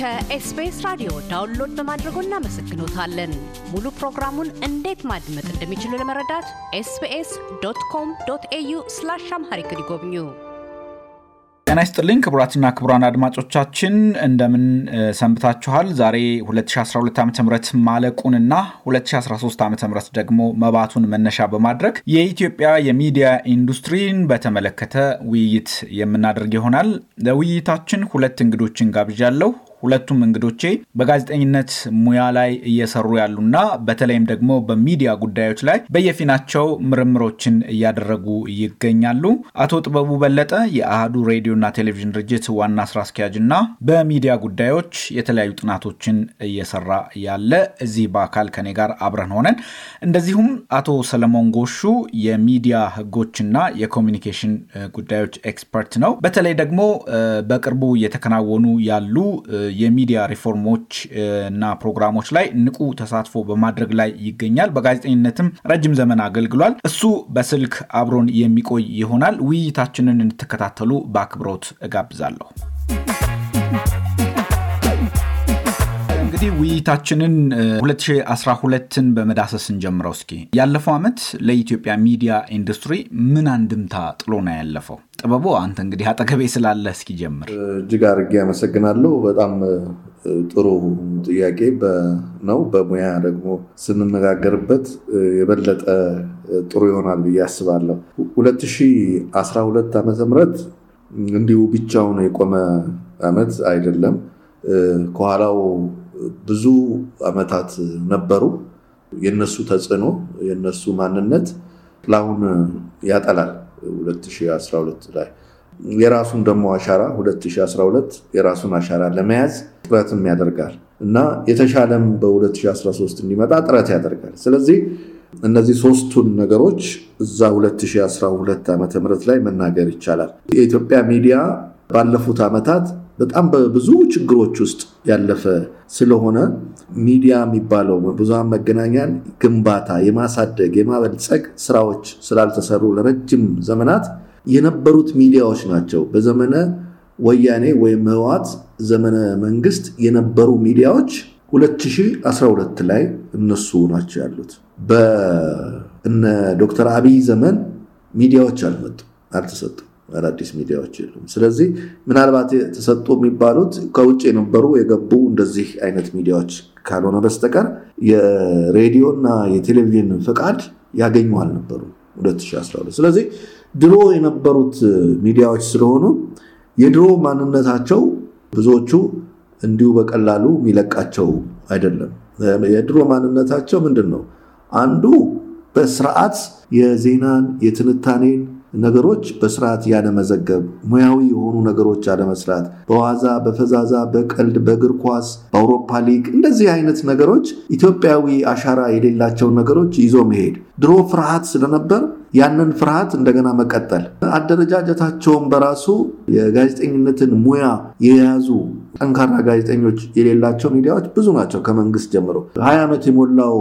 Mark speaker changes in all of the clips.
Speaker 1: ከኤስቢኤስ ራዲዮ ዳውንሎድ በማድረጎ እናመሰግኖታለን። ሙሉ ፕሮግራሙን እንዴት ማድመጥ እንደሚችሉ ለመረዳት ኤስቢኤስ ዶት ኮም ዶት ኤዩ ስላሽ አምሃሪክ ይጎብኙ። ጤና ይስጥልኝ ክቡራትና ክቡራን አድማጮቻችን እንደምን ሰንብታችኋል? ዛሬ 2012 ዓ ም ማለቁንና 2013 ዓ ም ደግሞ መባቱን መነሻ በማድረግ የኢትዮጵያ የሚዲያ ኢንዱስትሪን በተመለከተ ውይይት የምናደርግ ይሆናል። ለውይይታችን ሁለት እንግዶችን ጋብዣለሁ። ሁለቱም እንግዶቼ በጋዜጠኝነት ሙያ ላይ እየሰሩ ያሉና በተለይም ደግሞ በሚዲያ ጉዳዮች ላይ በየፊናቸው ምርምሮችን እያደረጉ ይገኛሉ። አቶ ጥበቡ በለጠ የአህዱ ሬዲዮና ቴሌቪዥን ድርጅት ዋና ስራ አስኪያጅ በሚዲያ ጉዳዮች የተለያዩ ጥናቶችን እየሰራ ያለ እዚህ በአካል ከኔ ጋር አብረን ሆነን እንደዚሁም አቶ ሰለሞን ጎሹ የሚዲያ ህጎችና የኮሚኒኬሽን ጉዳዮች ኤክስፐርት ነው። በተለይ ደግሞ በቅርቡ እየተከናወኑ ያሉ የሚዲያ ሪፎርሞች እና ፕሮግራሞች ላይ ንቁ ተሳትፎ በማድረግ ላይ ይገኛል። በጋዜጠኝነትም ረጅም ዘመን አገልግሏል። እሱ በስልክ አብሮን የሚቆይ ይሆናል። ውይይታችንን እንድትከታተሉ በአክብሮት እጋብዛለሁ። እንግዲህ ውይይታችንን 2012ን በመዳሰስ እንጀምረው። እስኪ ያለፈው ዓመት ለኢትዮጵያ ሚዲያ ኢንዱስትሪ ምን አንድምታ ጥሎ ነው ያለፈው? ጥበቡ አንተ እንግዲህ አጠገቤ ስላለ ጀምር። እጅግ
Speaker 2: አድርጌ አመሰግናለሁ። በጣም ጥሩ ጥያቄ ነው። በሙያ ደግሞ ስንነጋገርበት የበለጠ ጥሩ ይሆናል ብዬ አስባለሁ። 2012 ዓመተ ምህረት እንዲሁ ብቻውን የቆመ ዓመት አይደለም። ከኋላው ብዙ ዓመታት ነበሩ። የነሱ ተጽዕኖ የነሱ ማንነት ላሁን ያጠላል 2012 ላይ የራሱን ደግሞ አሻራ 2012 የራሱን አሻራ ለመያዝ ጥረትም ያደርጋል እና የተሻለም በ2013 እንዲመጣ ጥረት ያደርጋል። ስለዚህ እነዚህ ሶስቱን ነገሮች እዛ 2012 ዓ ም ላይ መናገር ይቻላል። የኢትዮጵያ ሚዲያ ባለፉት ዓመታት በጣም በብዙ ችግሮች ውስጥ ያለፈ ስለሆነ ሚዲያ የሚባለው ብዙሃን መገናኛን ግንባታ የማሳደግ የማበልጸግ ስራዎች ስላልተሰሩ ለረጅም ዘመናት የነበሩት ሚዲያዎች ናቸው። በዘመነ ወያኔ ወይም ህወሓት ዘመነ መንግስት የነበሩ ሚዲያዎች 2012 ላይ እነሱ ናቸው ያሉት። በእነ ዶክተር አብይ ዘመን ሚዲያዎች አልመጡ አልተሰጡ አዳዲስ ሚዲያዎች የሉም። ስለዚህ ምናልባት ተሰጡ የሚባሉት ከውጭ የነበሩ የገቡ እንደዚህ አይነት ሚዲያዎች ካልሆነ በስተቀር እና የቴሌቪዥን ፈቃድ ያገኙ አልነበሩ 2012 ስለዚህ ድሮ የነበሩት ሚዲያዎች ስለሆኑ የድሮ ማንነታቸው ብዙዎቹ እንዲሁ በቀላሉ የሚለቃቸው አይደለም። የድሮ ማንነታቸው ምንድን ነው? አንዱ በስርዓት የዜናን የትንታኔን ነገሮች በስርዓት ያለመዘገብ፣ ሙያዊ የሆኑ ነገሮች አለመስራት፣ በዋዛ በፈዛዛ በቀልድ በእግር ኳስ በአውሮፓ ሊግ እንደዚህ አይነት ነገሮች ኢትዮጵያዊ አሻራ የሌላቸውን ነገሮች ይዞ መሄድ ድሮ ፍርሃት ስለነበር ያንን ፍርሃት እንደገና መቀጠል። አደረጃጀታቸውን በራሱ የጋዜጠኝነትን ሙያ የያዙ ጠንካራ ጋዜጠኞች የሌላቸው ሚዲያዎች ብዙ ናቸው። ከመንግስት ጀምሮ ሀያ ዓመት የሞላው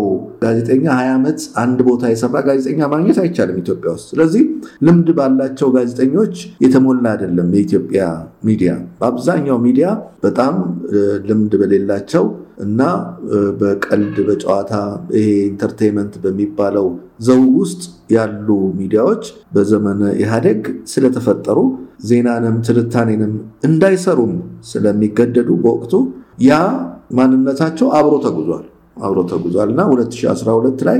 Speaker 2: ጋዜጠኛ ሀያ ዓመት አንድ ቦታ የሰራ ጋዜጠኛ ማግኘት አይቻልም ኢትዮጵያ ውስጥ። ስለዚህ ልምድ ባላቸው ጋዜጠኞች የተሞላ አይደለም የኢትዮጵያ ሚዲያ። በአብዛኛው ሚዲያ በጣም ልምድ በሌላቸው እና በቀልድ በጨዋታ ይሄ ኢንተርቴንመንት በሚባለው ዘው ውስጥ ያሉ ሚዲያዎች በዘመነ ኢህአዴግ ስለተፈጠሩ ዜናንም ትንታኔንም እንዳይሰሩም ስለሚገደዱ በወቅቱ ያ ማንነታቸው አብሮ ተጉዟል አብሮ ተጉዟል እና 2012 ላይ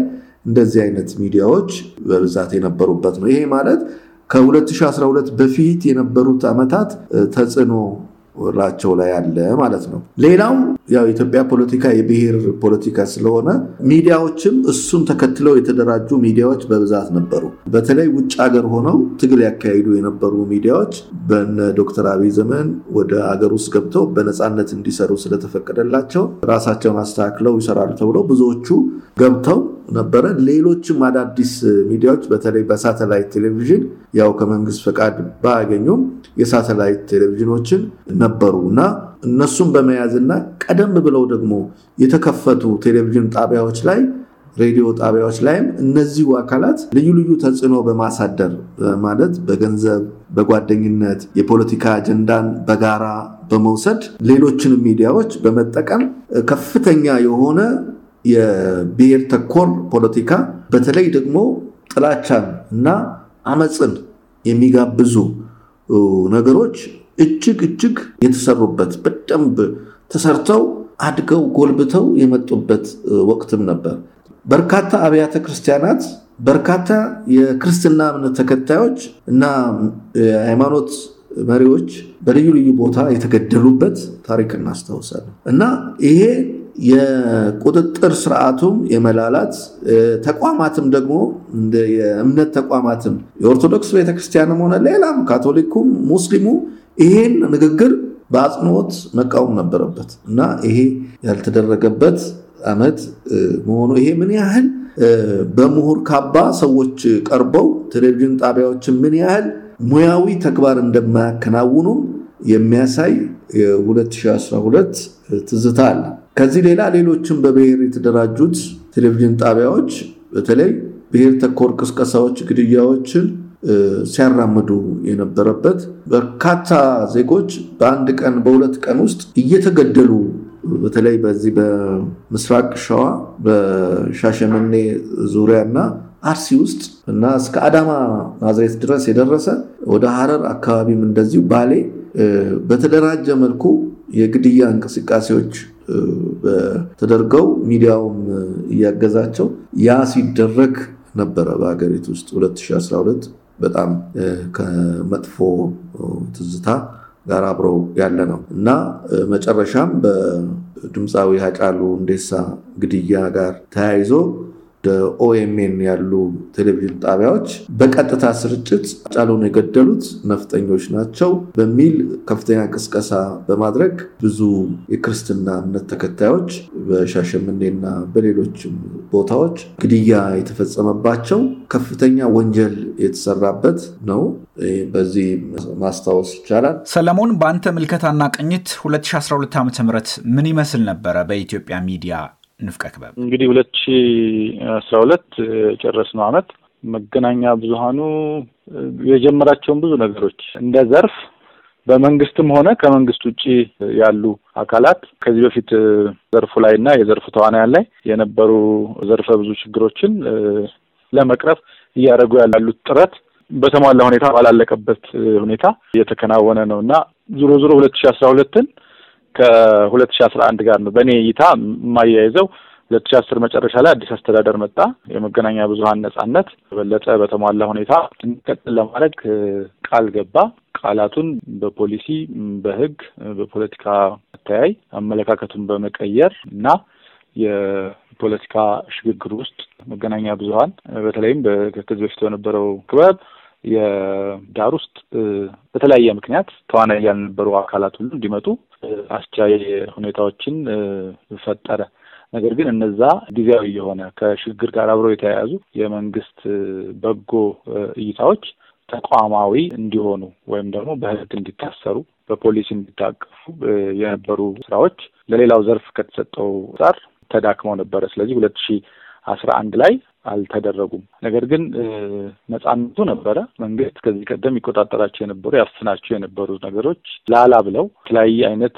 Speaker 2: እንደዚህ አይነት ሚዲያዎች በብዛት የነበሩበት ነው። ይሄ ማለት ከ2012 በፊት የነበሩት ዓመታት ተጽዕኖ ራቸው ላይ አለ ማለት ነው። ሌላው ያው ኢትዮጵያ ፖለቲካ የብሔር ፖለቲካ ስለሆነ ሚዲያዎችም እሱን ተከትለው የተደራጁ ሚዲያዎች በብዛት ነበሩ። በተለይ ውጭ ሀገር ሆነው ትግል ያካሂዱ የነበሩ ሚዲያዎች በነ ዶክተር አብይ ዘመን ወደ ሀገር ውስጥ ገብተው በነፃነት እንዲሰሩ ስለተፈቀደላቸው ራሳቸውን አስተካክለው ይሰራሉ ተብለው ብዙዎቹ ገብተው ነበረ። ሌሎችም አዳዲስ ሚዲያዎች በተለይ በሳተላይት ቴሌቪዥን ያው ከመንግስት ፈቃድ ባያገኙም የሳተላይት ቴሌቪዥኖችን ነበሩ እና እነሱን በመያዝና ቀደም ብለው ደግሞ የተከፈቱ ቴሌቪዥን ጣቢያዎች ላይ ሬዲዮ ጣቢያዎች ላይም እነዚሁ አካላት ልዩ ልዩ ተጽዕኖ በማሳደር ማለት በገንዘብ፣ በጓደኝነት የፖለቲካ አጀንዳን በጋራ በመውሰድ ሌሎችንም ሚዲያዎች በመጠቀም ከፍተኛ የሆነ የብሔር ተኮር ፖለቲካ በተለይ ደግሞ ጥላቻን እና አመፅን የሚጋብዙ ነገሮች እጅግ እጅግ የተሰሩበት በደንብ ተሰርተው አድገው ጎልብተው የመጡበት ወቅትም ነበር። በርካታ አብያተ ክርስቲያናት፣ በርካታ የክርስትና እምነት ተከታዮች እና የሃይማኖት መሪዎች በልዩ ልዩ ቦታ የተገደሉበት ታሪክ እናስታውሳለን እና ይሄ የቁጥጥር ስርዓቱም የመላላት ተቋማትም ደግሞ የእምነት ተቋማትም የኦርቶዶክስ ቤተክርስቲያንም ሆነ ሌላም ካቶሊኩም ሙስሊሙ ይሄን ንግግር በአጽንኦት መቃወም ነበረበት እና ይሄ ያልተደረገበት ዓመት መሆኑ ይሄ ምን ያህል በምሁር ካባ ሰዎች ቀርበው ቴሌቪዥን ጣቢያዎችን ምን ያህል ሙያዊ ተግባር እንደማያከናውኑም የሚያሳይ የ2012 ትዝታ አለ። ከዚህ ሌላ ሌሎችም በብሔር የተደራጁት ቴሌቪዥን ጣቢያዎች በተለይ ብሔር ተኮር ቅስቀሳዎች፣ ግድያዎችን ሲያራምዱ የነበረበት በርካታ ዜጎች በአንድ ቀን በሁለት ቀን ውስጥ እየተገደሉ በተለይ በዚህ በምስራቅ ሸዋ በሻሸመኔ ዙሪያ እና አርሲ ውስጥ እና እስከ አዳማ ናዝሬት ድረስ የደረሰ ወደ ሀረር አካባቢም እንደዚሁ ባሌ በተደራጀ መልኩ የግድያ እንቅስቃሴዎች ተደርገው ሚዲያውም እያገዛቸው ያ ሲደረግ ነበረ። በሀገሪቱ ውስጥ 2012 በጣም ከመጥፎ ትዝታ ጋር አብሮ ያለ ነው እና መጨረሻም በድምፃዊ ሀጫሉ እንዴሳ ግድያ ጋር ተያይዞ ኦኤምኤን ያሉ ቴሌቪዥን ጣቢያዎች በቀጥታ ስርጭት ጫሎን የገደሉት ነፍጠኞች ናቸው በሚል ከፍተኛ ቅስቀሳ በማድረግ ብዙ የክርስትና እምነት ተከታዮች በሻሸምኔና በሌሎችም ቦታዎች ግድያ የተፈጸመባቸው ከፍተኛ ወንጀል የተሰራበት ነው። በዚህ ማስታወስ ይቻላል።
Speaker 1: ሰለሞን፣ በአንተ ምልከታና ቅኝት 2012 ዓ ም ምን ይመስል ነበረ በኢትዮጵያ ሚዲያ ንፍቀ ክበብ
Speaker 3: እንግዲህ ሁለት ሺ አስራ ሁለት የጨረስነው አመት መገናኛ ብዙሀኑ የጀመራቸውን ብዙ ነገሮች እንደ ዘርፍ በመንግስትም ሆነ ከመንግስት ውጭ ያሉ አካላት ከዚህ በፊት ዘርፉ ላይ እና የዘርፉ ተዋናያን ላይ የነበሩ ዘርፈ ብዙ ችግሮችን ለመቅረፍ እያደረጉ ያሉት ጥረት በተሟላ ሁኔታ ባላለቀበት ሁኔታ እየተከናወነ ነው እና ዞሮ ዞሮ ሁለት ሺ አስራ ሁለትን ከሁለት ሺ አስራ አንድ ጋር ነው በእኔ እይታ የማያይዘው። ሁለት ሺ አስር መጨረሻ ላይ አዲስ አስተዳደር መጣ። የመገናኛ ብዙሀን ነጻነት የበለጠ በተሟላ ሁኔታ እንዲቀጥል ለማድረግ ቃል ገባ። ቃላቱን በፖሊሲ በህግ በፖለቲካ መተያይ አመለካከቱን በመቀየር እና የፖለቲካ ሽግግር ውስጥ መገናኛ ብዙሀን በተለይም ከዚህ በፊት በነበረው ክበብ የዳር ውስጥ በተለያየ ምክንያት ተዋናይ ያልነበሩ አካላት ሁሉ እንዲመጡ አስቻይ ሁኔታዎችን ፈጠረ። ነገር ግን እነዛ ጊዜያዊ የሆነ ከሽግግር ጋር አብረው የተያያዙ የመንግስት በጎ እይታዎች ተቋማዊ እንዲሆኑ ወይም ደግሞ በህግ እንዲታሰሩ በፖሊሲ እንዲታቀፉ የነበሩ ስራዎች ለሌላው ዘርፍ ከተሰጠው ጻር ተዳክመው ነበረ። ስለዚህ ሁለት ሺ አስራ አንድ ላይ አልተደረጉም። ነገር ግን ነጻነቱ ነበረ። መንግስት ከዚህ ቀደም ይቆጣጠራቸው የነበሩ ያፍናቸው የነበሩ ነገሮች ላላ ብለው የተለያየ አይነት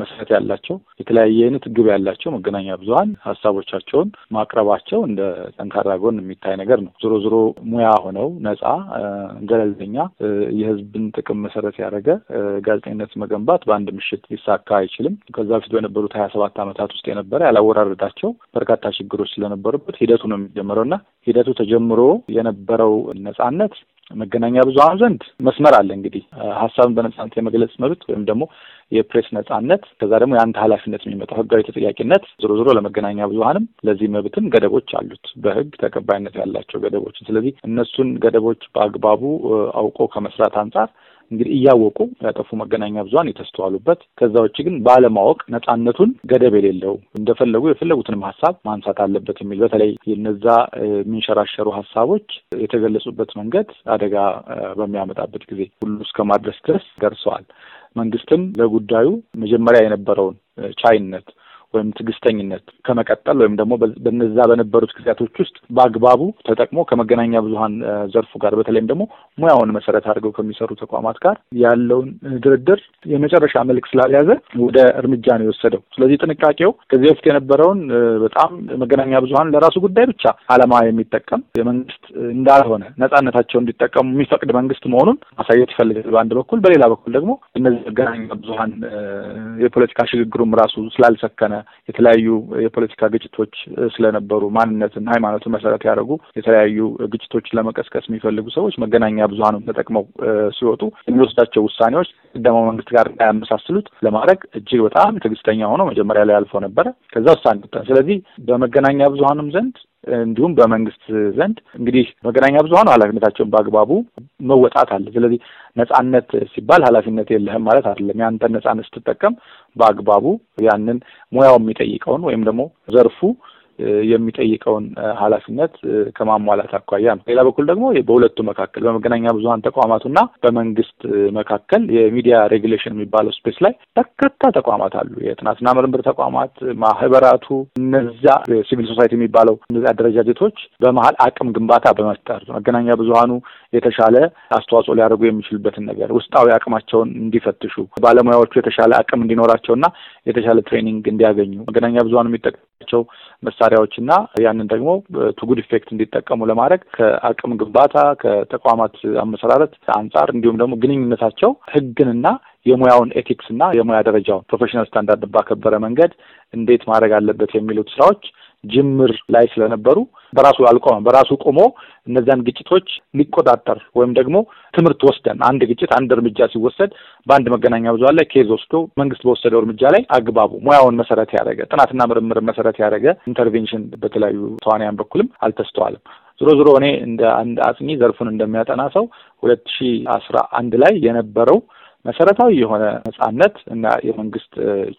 Speaker 3: መሰረት ያላቸው የተለያየ አይነት ግብ ያላቸው መገናኛ ብዙሀን ሀሳቦቻቸውን ማቅረባቸው እንደ ጠንካራ ጎን የሚታይ ነገር ነው። ዞሮ ዞሮ ሙያ ሆነው ነጻ፣ ገለልተኛ የህዝብን ጥቅም መሰረት ያደረገ ጋዜጠኝነት መገንባት በአንድ ምሽት ሊሳካ አይችልም። ከዛ በፊት በነበሩት ሀያ ሰባት ዓመታት ውስጥ የነበረ ያላወራረዳቸው በርካታ ችግሮች ስለነበሩበት ነው። የሚጀምረው እና ሂደቱ ተጀምሮ የነበረው ነጻነት መገናኛ ብዙሀን ዘንድ መስመር አለ። እንግዲህ ሀሳብን በነጻነት የመግለጽ መብት ወይም ደግሞ የፕሬስ ነጻነት፣ ከዛ ደግሞ የአንድ ኃላፊነት የሚመጣው ህጋዊ ተጠያቂነት ዞሮ ዞሮ ለመገናኛ ብዙሀንም ለዚህ መብትም ገደቦች አሉት፣ በህግ ተቀባይነት ያላቸው ገደቦች። ስለዚህ እነሱን ገደቦች በአግባቡ አውቆ ከመስራት አንጻር እንግዲህ እያወቁ ያጠፉ መገናኛ ብዙሀን የተስተዋሉበት፣ ከዛ ውጭ ግን ባለማወቅ ነጻነቱን ገደብ የሌለው እንደፈለጉ የፈለጉትንም ሀሳብ ማንሳት አለበት የሚል በተለይ የነዛ የሚንሸራሸሩ ሀሳቦች የተገለጹበት መንገድ አደጋ በሚያመጣበት ጊዜ ሁሉ እስከ ማድረስ ድረስ ደርሰዋል። መንግስትም ለጉዳዩ መጀመሪያ የነበረውን ቻይነት ወይም ትዕግስተኝነት ከመቀጠል ወይም ደግሞ በነዛ በነበሩት ጊዜያቶች ውስጥ በአግባቡ ተጠቅሞ ከመገናኛ ብዙኃን ዘርፉ ጋር በተለይም ደግሞ ሙያውን መሰረት አድርገው ከሚሰሩ ተቋማት ጋር ያለውን ድርድር የመጨረሻ መልክ ስላልያዘ ወደ እርምጃ ነው የወሰደው። ስለዚህ ጥንቃቄው ከዚህ በፊት የነበረውን በጣም መገናኛ ብዙኃን ለራሱ ጉዳይ ብቻ አለማ የሚጠቀም የመንግስት እንዳልሆነ ነጻነታቸው እንዲጠቀሙ የሚፈቅድ መንግስት መሆኑን ማሳየት ይፈልጋል በአንድ በኩል፣ በሌላ በኩል ደግሞ እነዚህ መገናኛ ብዙኃን የፖለቲካ ሽግግሩም ራሱ ስላልሰከነ የተለያዩ የፖለቲካ ግጭቶች ስለነበሩ ማንነትን፣ ሃይማኖትን መሰረት ያደረጉ የተለያዩ ግጭቶችን ለመቀስቀስ የሚፈልጉ ሰዎች መገናኛ ብዙኃኑን ተጠቅመው ሲወጡ የሚወስዳቸው ውሳኔዎች ቀደመው መንግስት ጋር ያመሳስሉት ለማድረግ እጅግ በጣም ትዕግስተኛ ሆኖ መጀመሪያ ላይ አልፎ ነበረ። ከዛ ውሳኔ ስለዚህ በመገናኛ ብዙሀኑም ዘንድ እንዲሁም በመንግስት ዘንድ እንግዲህ መገናኛ ብዙሀኑ ኃላፊነታቸውን በአግባቡ መወጣት አለ። ስለዚህ ነጻነት ሲባል ኃላፊነት የለህም ማለት አይደለም። ያንተን ነጻነት ስትጠቀም በአግባቡ ያንን ሙያው የሚጠይቀውን ወይም ደግሞ ዘርፉ የሚጠይቀውን ኃላፊነት ከማሟላት አኳያ ነው። ሌላ በኩል ደግሞ በሁለቱ መካከል በመገናኛ ብዙኃን ተቋማቱና በመንግስት መካከል የሚዲያ ሬጉሌሽን የሚባለው ስፔስ ላይ በርካታ ተቋማት አሉ። የጥናትና ምርምር ተቋማት፣ ማህበራቱ፣ እነዛ ሲቪል ሶሳይቲ የሚባለው እነዚህ አደረጃጀቶች በመሀል አቅም ግንባታ በመፍጠር መገናኛ ብዙኃኑ የተሻለ አስተዋጽኦ ሊያደርጉ የሚችሉበትን ነገር ውስጣዊ አቅማቸውን እንዲፈትሹ ባለሙያዎቹ የተሻለ አቅም እንዲኖራቸውና የተሻለ ትሬኒንግ እንዲያገኙ መገናኛ ብዙኃኑ የሚጠቀ ቸው መሳሪያዎች እና ያንን ደግሞ ቱጉድ ኢፌክት እንዲጠቀሙ ለማድረግ ከአቅም ግንባታ ከተቋማት አመሰራረት አንጻር እንዲሁም ደግሞ ግንኙነታቸው ህግንና የሙያውን ኤቲክስ እና የሙያ ደረጃውን ፕሮፌሽናል ስታንዳርድ ባከበረ መንገድ እንዴት ማድረግ አለበት የሚሉት ስራዎች ጅምር ላይ ስለነበሩ በራሱ አልቆመም። በራሱ ቆሞ እነዚያን ግጭቶች ሊቆጣጠር ወይም ደግሞ ትምህርት ወስደን አንድ ግጭት አንድ እርምጃ ሲወሰድ በአንድ መገናኛ ብዙኃን ላይ ኬዝ ወስዶ መንግስት በወሰደው እርምጃ ላይ አግባቡ ሙያውን መሰረት ያደረገ ጥናትና ምርምር መሰረት ያደረገ ኢንተርቬንሽን በተለያዩ ተዋንያን በኩልም አልተስተዋልም። ዞሮ ዞሮ እኔ እንደ አንድ አጥኚ ዘርፉን እንደሚያጠና ሰው ሁለት ሺ አስራ አንድ ላይ የነበረው መሰረታዊ የሆነ ነጻነት እና የመንግስት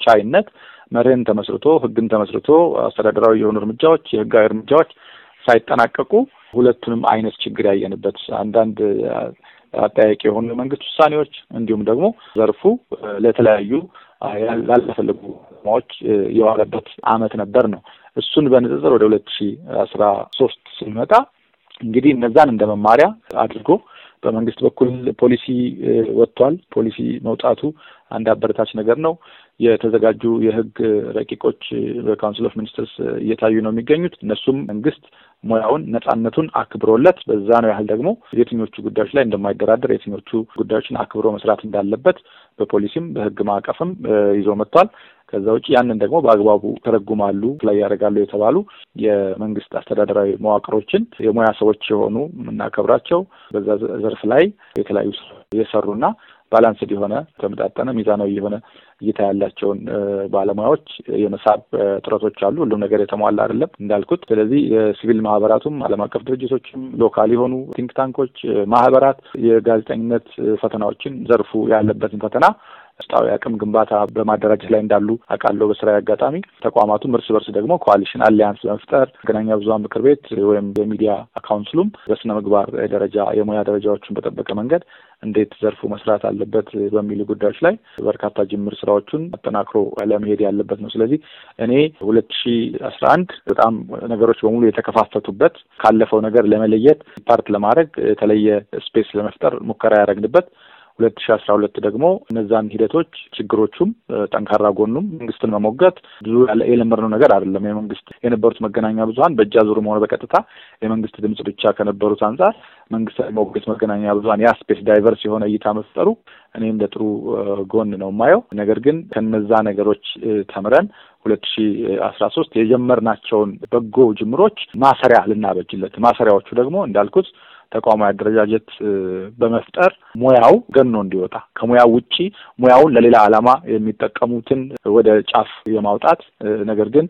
Speaker 3: ቻይነት መርህን ተመስርቶ ህግን ተመስርቶ አስተዳደራዊ የሆኑ እርምጃዎች፣ የህጋዊ እርምጃዎች ሳይጠናቀቁ ሁለቱንም አይነት ችግር ያየንበት አንዳንድ አጠያቂ የሆኑ የመንግስት ውሳኔዎች እንዲሁም ደግሞ ዘርፉ ለተለያዩ ላልተፈለጉ ማዎች የዋለበት አመት ነበር ነው። እሱን በንጽጽር ወደ ሁለት ሺ አስራ ሶስት ስንመጣ እንግዲህ እነዛን እንደ መማሪያ አድርጎ በመንግስት በኩል ፖሊሲ ወጥቷል። ፖሊሲ መውጣቱ አንድ አበረታች ነገር ነው። የተዘጋጁ የህግ ረቂቆች በካውንስል ኦፍ ሚኒስትርስ እየታዩ ነው የሚገኙት። እነሱም መንግስት ሙያውን ነጻነቱን አክብሮለት በዛ ነው ያህል ደግሞ የትኞቹ ጉዳዮች ላይ እንደማይደራደር የትኞቹ ጉዳዮችን አክብሮ መስራት እንዳለበት በፖሊሲም በህግ ማዕቀፍም ይዞ መጥቷል። ከዛ ውጭ ያንን ደግሞ በአግባቡ ተረጉማሉ ላይ ያደርጋሉ የተባሉ የመንግስት አስተዳደራዊ መዋቅሮችን የሙያ ሰዎች የሆኑ የምናከብራቸው በዛ ዘርፍ ላይ የተለያዩ የሰሩና ባላንስድ የሆነ ተመጣጠነ ሚዛናዊ የሆነ እይታ ያላቸውን ባለሙያዎች የመሳብ ጥረቶች አሉ። ሁሉም ነገር የተሟላ አይደለም እንዳልኩት። ስለዚህ የሲቪል ማህበራቱም፣ ዓለም አቀፍ ድርጅቶችም፣ ሎካል የሆኑ ቲንክ ታንኮች፣ ማህበራት የጋዜጠኝነት ፈተናዎችን ዘርፉ ያለበትን ፈተና ስጣዊ አቅም ግንባታ በማደራጀት ላይ እንዳሉ አውቃለሁ። በስራ አጋጣሚ ተቋማቱም እርስ በርስ ደግሞ ኮሊሽን አሊያንስ በመፍጠር መገናኛ ብዙሀን ምክር ቤት ወይም የሚዲያ ካውንስሉም በስነ ምግባር ደረጃ የሙያ ደረጃዎችን በጠበቀ መንገድ እንዴት ዘርፉ መስራት አለበት በሚሉ ጉዳዮች ላይ በርካታ ጅምር ስራዎቹን አጠናክሮ ለመሄድ ያለበት ነው። ስለዚህ እኔ ሁለት ሺ አስራ አንድ በጣም ነገሮች በሙሉ የተከፋፈቱበት ካለፈው ነገር ለመለየት ፓርት ለማድረግ የተለየ ስፔስ ለመፍጠር ሙከራ ያደረግንበት ሁለት ሺ አስራ ሁለት ደግሞ እነዛን ሂደቶች ችግሮቹም ጠንካራ ጎኑም መንግስትን መሞገት ብዙ የለመድነው ነገር አይደለም። የመንግስት የነበሩት መገናኛ ብዙሀን በእጅ አዙርም ሆነ በቀጥታ የመንግስት ድምጽ ብቻ ከነበሩት አንጻር መንግስት መሞገት መገናኛ ብዙሀን ያ ስፔስ ዳይቨርስ የሆነ እይታ መፍጠሩ እኔ እንደ ጥሩ ጎን ነው የማየው። ነገር ግን ከነዛ ነገሮች ተምረን ሁለት ሺ አስራ ሶስት የጀመርናቸውን በጎ ጅምሮች ማሰሪያ ልናበጅለት ማሰሪያዎቹ ደግሞ እንዳልኩት ተቋማዊ አደረጃጀት በመፍጠር ሙያው ገኖ እንዲወጣ ከሙያው ውጪ ሙያውን ለሌላ ዓላማ የሚጠቀሙትን ወደ ጫፍ የማውጣት ነገር ግን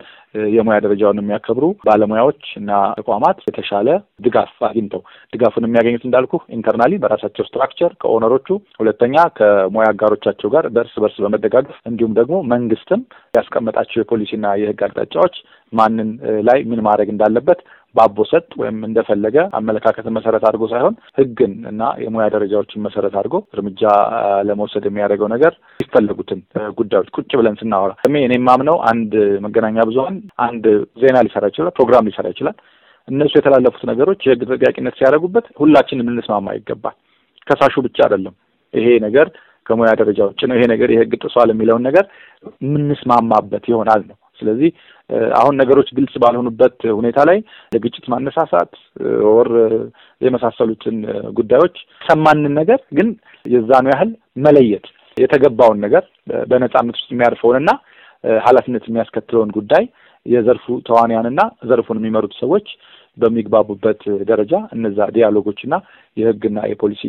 Speaker 3: የሙያ ደረጃውን የሚያከብሩ ባለሙያዎች እና ተቋማት የተሻለ ድጋፍ አግኝተው ድጋፉን የሚያገኙት እንዳልኩ ኢንተርናሊ በራሳቸው ስትራክቸር ከኦነሮቹ፣ ሁለተኛ ከሙያ አጋሮቻቸው ጋር በእርስ በርስ በመደጋገፍ እንዲሁም ደግሞ መንግስትም ያስቀመጣቸው የፖሊሲና የህግ አቅጣጫዎች ማንን ላይ ምን ማድረግ እንዳለበት በአቦ ሰጥ ወይም እንደፈለገ አመለካከትን መሰረት አድርጎ ሳይሆን ህግን እና የሙያ ደረጃዎችን መሰረት አድርጎ እርምጃ ለመውሰድ የሚያደርገው ነገር የሚፈለጉትን ጉዳዮች ቁጭ ብለን ስናወራ እኔ የማምነው አንድ መገናኛ ብዙሀን አንድ ዜና ሊሰራ ይችላል፣ ፕሮግራም ሊሰራ ይችላል። እነሱ የተላለፉት ነገሮች የህግ ተጠያቂነት ሲያደርጉበት ሁላችንም ልንስማማ ይገባል። ከሳሹ ብቻ አይደለም ይሄ ነገር ከሙያ ደረጃ ውጭ ነው፣ ይሄ ነገር የህግ ጥሷል የሚለውን ነገር የምንስማማበት ይሆናል ነው ስለዚህ አሁን ነገሮች ግልጽ ባልሆኑበት ሁኔታ ላይ ለግጭት ማነሳሳት ወር የመሳሰሉትን ጉዳዮች ሰማንን ነገር ግን የዛኑ ያህል መለየት የተገባውን ነገር በነጻነት ውስጥ የሚያርፈውንና ኃላፊነት የሚያስከትለውን ጉዳይ የዘርፉ ተዋንያንና ዘርፉን የሚመሩት ሰዎች በሚግባቡበት ደረጃ እነዛ ዲያሎጎች የህግና የፖሊሲ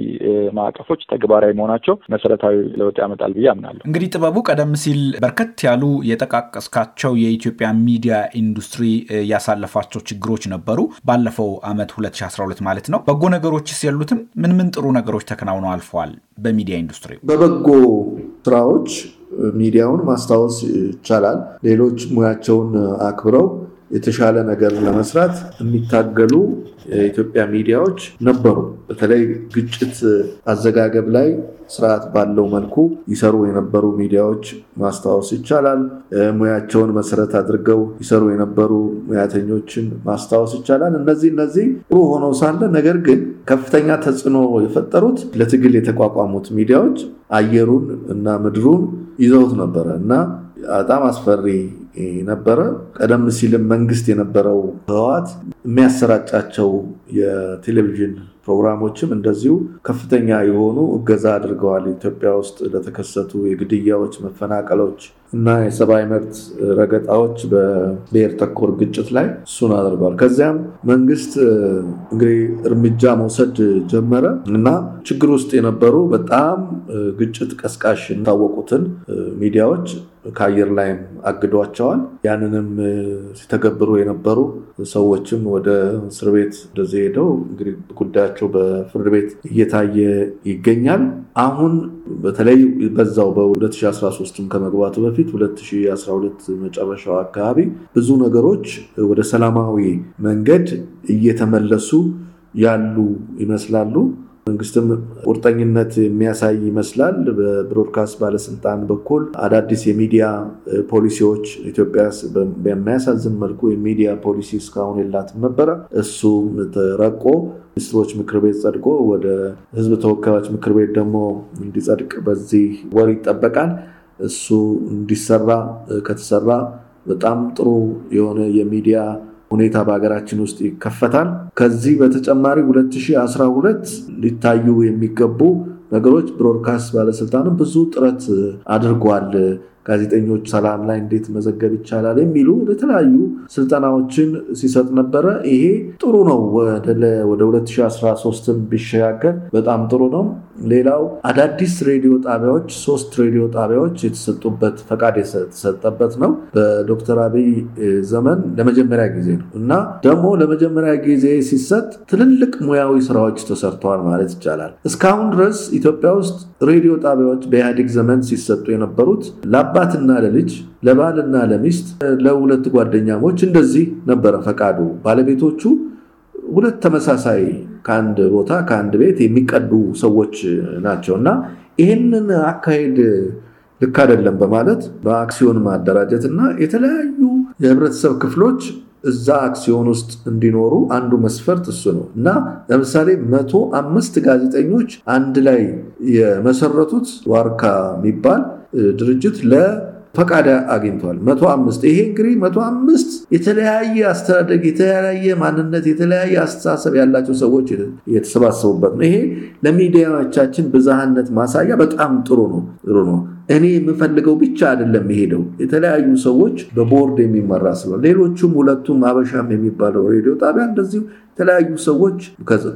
Speaker 3: ማዕቀፎች ተግባራዊ መሆናቸው መሰረታዊ ለውጥ ያመጣል ብዬ አምናለሁ።
Speaker 1: እንግዲህ ጥበቡ ቀደም ሲል በርከት ያሉ የጠቃቀስካቸው የኢትዮጵያ ሚዲያ ኢንዱስትሪ ያሳለፋቸው ችግሮች ነበሩ። ባለፈው አመት 2012 ማለት ነው። በጎ ነገሮችስ የሉትም? ምን ምን ጥሩ ነገሮች ተከናውነው አልፈዋል? በሚዲያ ኢንዱስትሪ
Speaker 2: በበጎ ስራዎች ሚዲያውን ማስታወስ ይቻላል። ሌሎች ሙያቸውን አክብረው የተሻለ ነገር ለመስራት የሚታገሉ የኢትዮጵያ ሚዲያዎች ነበሩ። በተለይ ግጭት አዘጋገብ ላይ ስርዓት ባለው መልኩ ይሰሩ የነበሩ ሚዲያዎች ማስታወስ ይቻላል። ሙያቸውን መሰረት አድርገው ይሰሩ የነበሩ ሙያተኞችን ማስታወስ ይቻላል። እነዚህ እነዚህ ጥሩ ሆነው ሳለ ነገር ግን ከፍተኛ ተጽዕኖ የፈጠሩት ለትግል የተቋቋሙት ሚዲያዎች አየሩን እና ምድሩን ይዘውት ነበረ እና በጣም አስፈሪ ነበረ። ቀደም ሲልም መንግስት የነበረው ህወሓት የሚያሰራጫቸው የቴሌቪዥን ፕሮግራሞችም እንደዚሁ ከፍተኛ የሆኑ እገዛ አድርገዋል። ኢትዮጵያ ውስጥ ለተከሰቱ የግድያዎች፣ መፈናቀሎች እና የሰብአዊ መብት ረገጣዎች በብሔር ተኮር ግጭት ላይ እሱን አድርገዋል። ከዚያም መንግስት እንግዲህ እርምጃ መውሰድ ጀመረ እና ችግር ውስጥ የነበሩ በጣም ግጭት ቀስቃሽ የታወቁትን ሚዲያዎች ከአየር ላይም አግዷቸዋል። ያንንም ሲተገብሩ የነበሩ ሰዎችም ወደ እስር ቤት እንደዚህ ሄደው እንግዲህ ጉዳያቸው በፍርድ ቤት እየታየ ይገኛል። አሁን በተለይ በዛው በ2013 ከመግባቱ በፊት 2012 መጨረሻው አካባቢ ብዙ ነገሮች ወደ ሰላማዊ መንገድ እየተመለሱ ያሉ ይመስላሉ። መንግስትም ቁርጠኝነት የሚያሳይ ይመስላል። በብሮድካስት ባለስልጣን በኩል አዳዲስ የሚዲያ ፖሊሲዎች ኢትዮጵያ በሚያሳዝን መልኩ የሚዲያ ፖሊሲ እስካሁን የላትም ነበረ። እሱም ተረቆ ሚኒስትሮች ምክር ቤት ጸድቆ ወደ ህዝብ ተወካዮች ምክር ቤት ደግሞ እንዲጸድቅ በዚህ ወር ይጠበቃል። እሱ እንዲሰራ ከተሰራ በጣም ጥሩ የሆነ የሚዲያ ሁኔታ በሀገራችን ውስጥ ይከፈታል። ከዚህ በተጨማሪ 2012 ሊታዩ የሚገቡ ነገሮች ብሮድካስት ባለስልጣንም ብዙ ጥረት አድርጓል። ጋዜጠኞች ሰላም ላይ እንዴት መዘገብ ይቻላል የሚሉ የተለያዩ ስልጠናዎችን ሲሰጥ ነበረ። ይሄ ጥሩ ነው። ወደ 2013 ቢሸጋገር በጣም ጥሩ ነው። ሌላው አዳዲስ ሬዲዮ ጣቢያዎች ሶስት ሬዲዮ ጣቢያዎች የተሰጡበት ፈቃድ የተሰጠበት ነው። በዶክተር አብይ ዘመን ለመጀመሪያ ጊዜ ነው እና ደግሞ ለመጀመሪያ ጊዜ ሲሰጥ ትልልቅ ሙያዊ ስራዎች ተሰርተዋል ማለት ይቻላል። እስካሁን ድረስ ኢትዮጵያ ውስጥ ሬዲዮ ጣቢያዎች በኢህአዴግ ዘመን ሲሰጡ የነበሩት ላባ ለአባትና ለልጅ ለባልና ለሚስት ለሁለት ጓደኛሞች እንደዚህ ነበረ ፈቃዱ። ባለቤቶቹ ሁለት ተመሳሳይ ከአንድ ቦታ ከአንድ ቤት የሚቀዱ ሰዎች ናቸው እና ይህንን አካሄድ ልክ አይደለም በማለት በአክሲዮን ማደራጀት እና የተለያዩ የህብረተሰብ ክፍሎች እዛ አክሲዮን ውስጥ እንዲኖሩ አንዱ መስፈርት እሱ ነው እና ለምሳሌ መቶ አምስት ጋዜጠኞች አንድ ላይ የመሰረቱት ዋርካ የሚባል درجت لا ፈቃድ አግኝተዋል። መቶ አምስት ይሄ እንግዲህ መቶ አምስት የተለያየ አስተዳደግ፣ የተለያየ ማንነት፣ የተለያየ አስተሳሰብ ያላቸው ሰዎች የተሰባሰቡበት ነው። ይሄ ለሚዲያዎቻችን ብዝሃነት ማሳያ በጣም ጥሩ ነው ጥሩ ነው። እኔ የምፈልገው ብቻ አይደለም የሄደው የተለያዩ ሰዎች በቦርድ የሚመራ ስለሆነ ሌሎቹም ሁለቱም አበሻም የሚባለው ሬዲዮ ጣቢያ እንደዚሁ የተለያዩ ሰዎች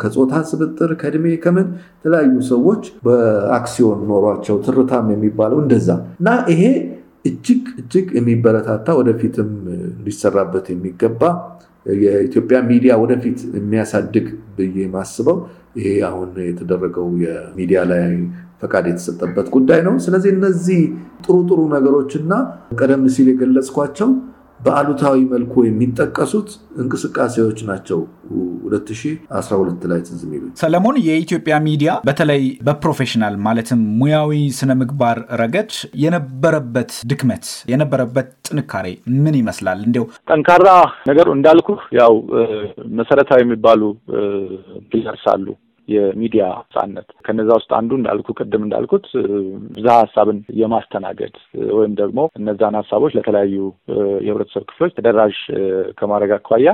Speaker 2: ከጾታ ስብጥር ከእድሜ ከምን የተለያዩ ሰዎች በአክሲዮን ኖሯቸው ትርታም የሚባለው እንደዛ እና ይሄ እጅግ እጅግ የሚበረታታ ወደፊትም ሊሰራበት የሚገባ የኢትዮጵያ ሚዲያ ወደፊት የሚያሳድግ ብዬ ማስበው ይሄ አሁን የተደረገው የሚዲያ ላይ ፈቃድ የተሰጠበት ጉዳይ ነው። ስለዚህ እነዚህ ጥሩ ጥሩ ነገሮችና ቀደም ሲል የገለጽኳቸው በአሉታዊ መልኩ የሚጠቀሱት እንቅስቃሴዎች ናቸው 2012 ላይ ትዝ የሚሉ
Speaker 1: ሰለሞን፣ የኢትዮጵያ ሚዲያ በተለይ በፕሮፌሽናል ማለትም ሙያዊ ስነ ምግባር ረገድ የነበረበት ድክመት የነበረበት ጥንካሬ ምን ይመስላል? እንዲው
Speaker 3: ጠንካራ ነገሩ እንዳልኩ ያው መሰረታዊ የሚባሉ ፒለርስ አሉ የሚዲያ ነጻነት ከነዛ ውስጥ አንዱ እንዳልኩ ቅድም እንዳልኩት ብዛ ሀሳብን የማስተናገድ ወይም ደግሞ እነዛን ሀሳቦች ለተለያዩ የህብረተሰብ ክፍሎች ተደራሽ ከማድረግ አኳያ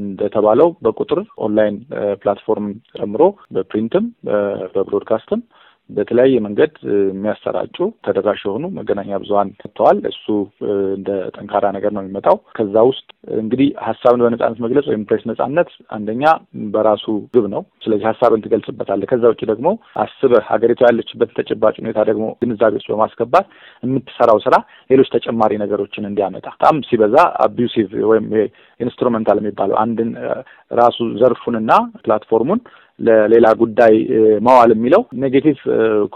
Speaker 3: እንደተባለው በቁጥር ኦንላይን ፕላትፎርም ጨምሮ በፕሪንትም በብሮድካስትም በተለያየ መንገድ የሚያሰራጩ ተደራሽ የሆኑ መገናኛ ብዙሀን ተዋል። እሱ እንደ ጠንካራ ነገር ነው የሚመጣው። ከዛ ውስጥ እንግዲህ ሀሳብን በነጻነት መግለጽ ወይም ፕሬስ ነጻነት አንደኛ በራሱ ግብ ነው። ስለዚህ ሀሳብን ትገልጽበታለህ። ከዛ ውጭ ደግሞ አስበህ ሀገሪቷ ያለችበት ተጨባጭ ሁኔታ ደግሞ ግንዛቤ ውስጥ በማስገባት የምትሰራው ስራ ሌሎች ተጨማሪ ነገሮችን እንዲያመጣ በጣም ሲበዛ አቢዩሲቭ ወይም ኢንስትሩመንታል የሚባለው አንድን ራሱ ዘርፉንና ፕላትፎርሙን ለሌላ ጉዳይ መዋል የሚለው ኔጌቲቭ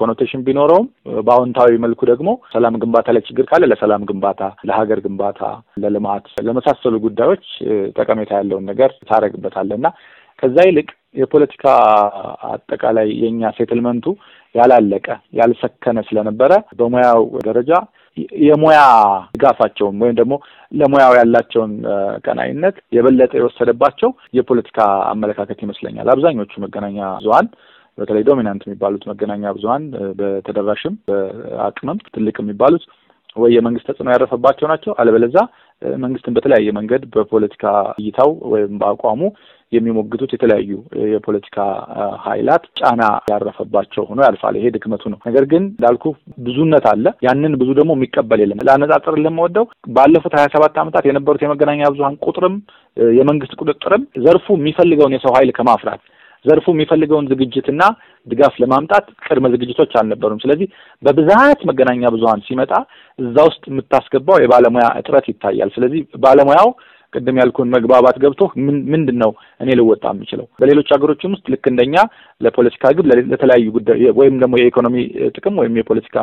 Speaker 3: ኮኖቴሽን ቢኖረውም በአዎንታዊ መልኩ ደግሞ ሰላም ግንባታ ላይ ችግር ካለ ለሰላም ግንባታ፣ ለሀገር ግንባታ፣ ለልማት፣ ለመሳሰሉ ጉዳዮች ጠቀሜታ ያለውን ነገር ታደርግበታለህ እና ከዛ ይልቅ የፖለቲካ አጠቃላይ የእኛ ሴትልመንቱ ያላለቀ ያልሰከነ ስለነበረ በሙያው ደረጃ የሙያ ድጋፋቸውን ወይም ደግሞ ለሙያው ያላቸውን ቀናይነት የበለጠ የወሰደባቸው የፖለቲካ አመለካከት ይመስለኛል። አብዛኞቹ መገናኛ ብዙሀን በተለይ ዶሚናንት የሚባሉት መገናኛ ብዙሀን በተደራሽም በአቅምም ትልቅ የሚባሉት ወይ የመንግስት ተጽዕኖ ያረፈባቸው ናቸው አለበለዛ መንግስትን በተለያየ መንገድ በፖለቲካ እይታው ወይም በአቋሙ የሚሞግቱት የተለያዩ የፖለቲካ ኃይላት ጫና ያረፈባቸው ሆኖ ያልፋል። ይሄ ድክመቱ ነው። ነገር ግን እንዳልኩ ብዙነት አለ። ያንን ብዙ ደግሞ የሚቀበል የለም። ለአነጻጽር ለምወደው ባለፉት ሀያ ሰባት ዓመታት የነበሩት የመገናኛ ብዙሀን ቁጥርም የመንግስት ቁጥጥርም ዘርፉ የሚፈልገውን የሰው ኃይል ከማፍራት ዘርፉ የሚፈልገውን ዝግጅትና ድጋፍ ለማምጣት ቅድመ ዝግጅቶች አልነበሩም። ስለዚህ በብዛት መገናኛ ብዙሀን ሲመጣ እዛ ውስጥ የምታስገባው የባለሙያ እጥረት ይታያል። ስለዚህ ባለሙያው ቅድም ያልኩን መግባባት ገብቶ ምንድን ነው እኔ ልወጣ የምችለው በሌሎች ሀገሮችም ውስጥ ልክ እንደኛ ለፖለቲካ ግብ ለተለያዩ ጉዳይ ወይም ደግሞ የኢኮኖሚ ጥቅም ወይም የፖለቲካ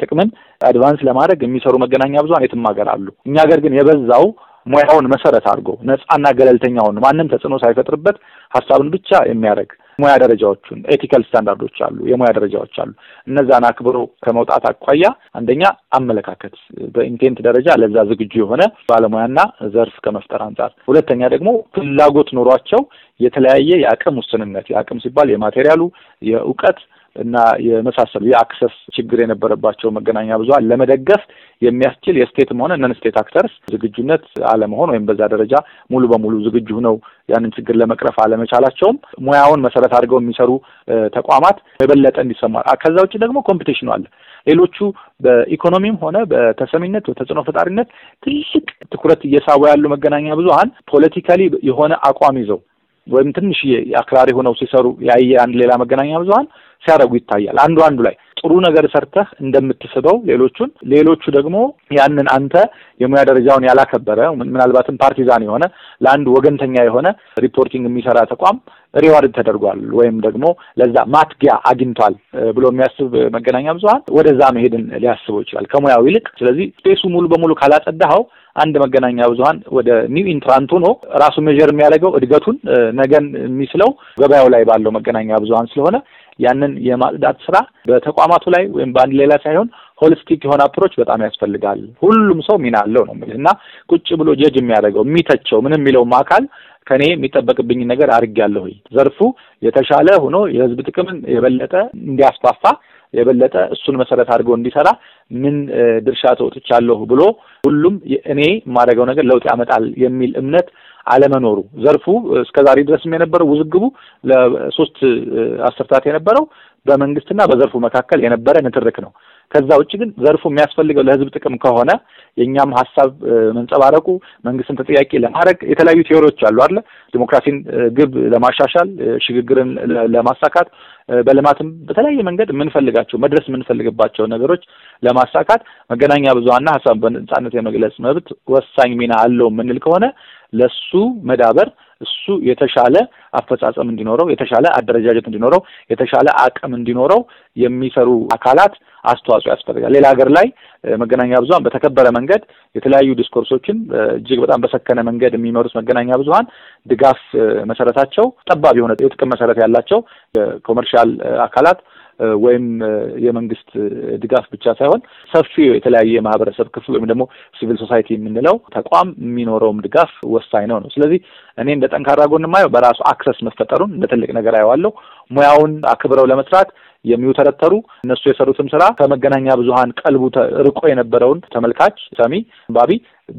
Speaker 3: ጥቅምን አድቫንስ ለማድረግ የሚሰሩ መገናኛ ብዙሀን የትም ሀገር አሉ። እኛ ሀገር ግን የበዛው ሙያውን መሰረት አድርጎ ነጻና ገለልተኛውን ማንም ተጽዕኖ ሳይፈጥርበት ሀሳብን ብቻ የሚያደርግ ሙያ ደረጃዎቹን ኤቲካል ስታንዳርዶች አሉ፣ የሙያ ደረጃዎች አሉ። እነዛን አክብሮ ከመውጣት አኳያ አንደኛ አመለካከት በኢንቴንት ደረጃ ለዛ ዝግጁ የሆነ ባለሙያና ዘርፍ ከመፍጠር አንጻር፣ ሁለተኛ ደግሞ ፍላጎት ኖሯቸው የተለያየ የአቅም ውስንነት የአቅም ሲባል የማቴሪያሉ የእውቀት እና የመሳሰሉ የአክሰስ ችግር የነበረባቸው መገናኛ ብዙኃን ለመደገፍ የሚያስችል የስቴትም ሆነ ነን ስቴት አክተርስ ዝግጁነት አለመሆን ወይም በዛ ደረጃ ሙሉ በሙሉ ዝግጁ ነው ያንን ችግር ለመቅረፍ አለመቻላቸውም ሙያውን መሰረት አድርገው የሚሰሩ ተቋማት የበለጠ እንዲሰማ፣ ከዛ ውጭ ደግሞ ኮምፒቲሽኑ አለ። ሌሎቹ በኢኮኖሚም ሆነ በተሰሚነት በተጽዕኖ ፈጣሪነት ትልቅ ትኩረት እየሳቡ ያሉ መገናኛ ብዙኃን ፖለቲካሊ የሆነ አቋም ይዘው ወይም ትንሽ አክራሪ ሆነው ሲሰሩ ያየ አንድ ሌላ መገናኛ ብዙሀን ሲያደርጉ ይታያል። አንዱ አንዱ ላይ ጥሩ ነገር ሰርተህ እንደምትስበው ሌሎቹን፣ ሌሎቹ ደግሞ ያንን አንተ የሙያ ደረጃውን ያላከበረ ምናልባትም ፓርቲዛን የሆነ ለአንድ ወገንተኛ የሆነ ሪፖርቲንግ የሚሰራ ተቋም ሪዋርድ ተደርጓል ወይም ደግሞ ለዛ ማትጊያ አግኝቷል ብሎ የሚያስብ መገናኛ ብዙሀን ወደዛ መሄድን ሊያስበው ይችላል ከሙያው ይልቅ። ስለዚህ ስፔሱ ሙሉ በሙሉ ካላጸዳኸው አንድ መገናኛ ብዙሀን ወደ ኒው ኢንትራንት ሆኖ ራሱ ሜዥር የሚያደርገው እድገቱን ነገን የሚስለው ገበያው ላይ ባለው መገናኛ ብዙሀን ስለሆነ ያንን የማጽዳት ስራ በተቋማቱ ላይ ወይም በአንድ ሌላ ሳይሆን ሆሊስቲክ የሆነ አፕሮች በጣም ያስፈልጋል። ሁሉም ሰው ሚና አለው ነው የሚል እና ቁጭ ብሎ ጀጅ የሚያደርገው የሚተቸው ምንም የሚለውም አካል ከኔ የሚጠበቅብኝ ነገር አድርጌያለሁ። ዘርፉ የተሻለ ሆኖ የህዝብ ጥቅምን የበለጠ እንዲያስፋፋ የበለጠ እሱን መሰረት አድርጎ እንዲሰራ ምን ድርሻ ተወጥቻለሁ ብሎ ሁሉም እኔ የማደርገው ነገር ለውጥ ያመጣል የሚል እምነት አለመኖሩ ዘርፉ እስከ ዛሬ ድረስም የነበረው ውዝግቡ ለሶስት አስርታት የነበረው በመንግስትና በዘርፉ መካከል የነበረ ንትርክ ነው። ከዛ ውጭ ግን ዘርፉ የሚያስፈልገው ለህዝብ ጥቅም ከሆነ የእኛም ሀሳብ መንጸባረቁ መንግስትን ተጠያቂ ለማድረግ የተለያዩ ቴዎሪዎች አሉ አለ ዲሞክራሲን ግብ ለማሻሻል ሽግግርን ለማሳካት በልማትም በተለያየ መንገድ የምንፈልጋቸው መድረስ የምንፈልግባቸው ነገሮች ለማሳካት መገናኛ ብዙሀንና ሀሳብ በነጻነት የመግለጽ መብት ወሳኝ ሚና አለው የምንል ከሆነ ለሱ መዳበር እሱ የተሻለ አፈጻጸም እንዲኖረው፣ የተሻለ አደረጃጀት እንዲኖረው፣ የተሻለ አቅም እንዲኖረው የሚሰሩ አካላት አስተዋጽኦ ያስፈልጋል። ሌላ ሀገር ላይ መገናኛ ብዙሀን በተከበረ መንገድ የተለያዩ ዲስኮርሶችን እጅግ በጣም በሰከነ መንገድ የሚመሩት መገናኛ ብዙሀን ድጋፍ መሰረታቸው ጠባብ የሆነ የጥቅም መሰረት ያላቸው የኮመርሻል አካላት ወይም የመንግስት ድጋፍ ብቻ ሳይሆን ሰፊው የተለያየ የማህበረሰብ ክፍል ወይም ደግሞ ሲቪል ሶሳይቲ የምንለው ተቋም የሚኖረውም ድጋፍ ወሳኝ ነው ነው። ስለዚህ እኔ እንደ ጠንካራ ጎን የማየው በራሱ አክሰስ መፈጠሩን እንደ ትልቅ ነገር አየዋለሁ። ሙያውን አክብረው ለመስራት የሚውተረተሩ እነሱ የሰሩትም ስራ ከመገናኛ ብዙሀን ቀልቡ ርቆ የነበረውን ተመልካች ሰሚ ባቢ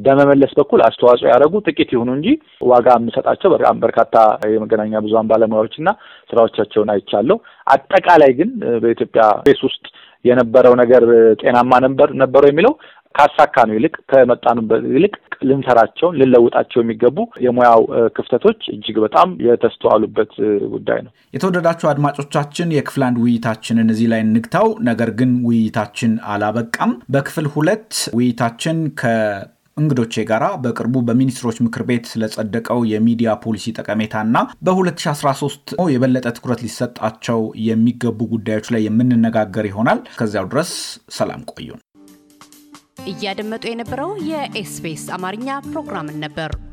Speaker 3: በመመለስ በኩል አስተዋጽኦ ያደረጉ ጥቂት ይሁኑ እንጂ ዋጋ የምሰጣቸው በጣም በርካታ የመገናኛ ብዙኃን ባለሙያዎችና ስራዎቻቸውን አይቻለሁ። አጠቃላይ ግን በኢትዮጵያ ቤስ ውስጥ የነበረው ነገር ጤናማ ነበር ነበረው የሚለው ካሳካ ነው ይልቅ ከመጣንበት ይልቅ ልንሰራቸውን ልንለውጣቸው የሚገቡ የሙያው ክፍተቶች እጅግ በጣም የተስተዋሉበት ጉዳይ ነው።
Speaker 1: የተወደዳቸው አድማጮቻችን የክፍል አንድ ውይይታችንን እዚህ ላይ እንግታው። ነገር ግን ውይይታችን አላበቃም። በክፍል ሁለት ውይይታችን ከ እንግዶቼ ጋር በቅርቡ በሚኒስትሮች ምክር ቤት ስለጸደቀው የሚዲያ ፖሊሲ ጠቀሜታና በ2013 የበለጠ ትኩረት ሊሰጣቸው የሚገቡ ጉዳዮች ላይ የምንነጋገር ይሆናል። ከዚያው ድረስ ሰላም ቆዩን። እያደመጡ የነበረው የኤስቢኤስ አማርኛ ፕሮግራምን ነበር።